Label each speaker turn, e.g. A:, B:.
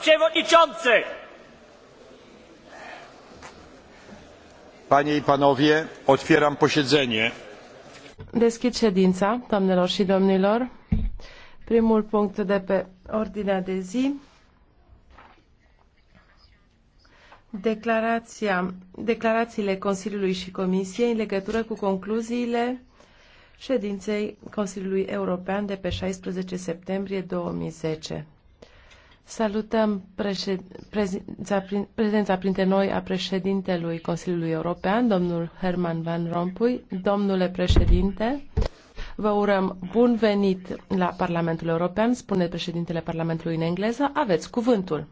A: przewodniczący!
B: Panie i
C: panowie, otwieram posiedzenie.
D: Deschid ședința, doamnelor și domnilor. Primul punct de pe ordinea de zi. Declarația, declarațiile Consiliului și Comisiei în legătură cu concluziile ședinței Consiliului European de pe 16 septembrie 2010. Salutăm prezența, prezența printre noi a președintelui Consiliului European, domnul Herman Van Rompuy. Domnule președinte, vă urăm bun venit la Parlamentul European, spune președintele Parlamentului în engleză. Aveți cuvântul.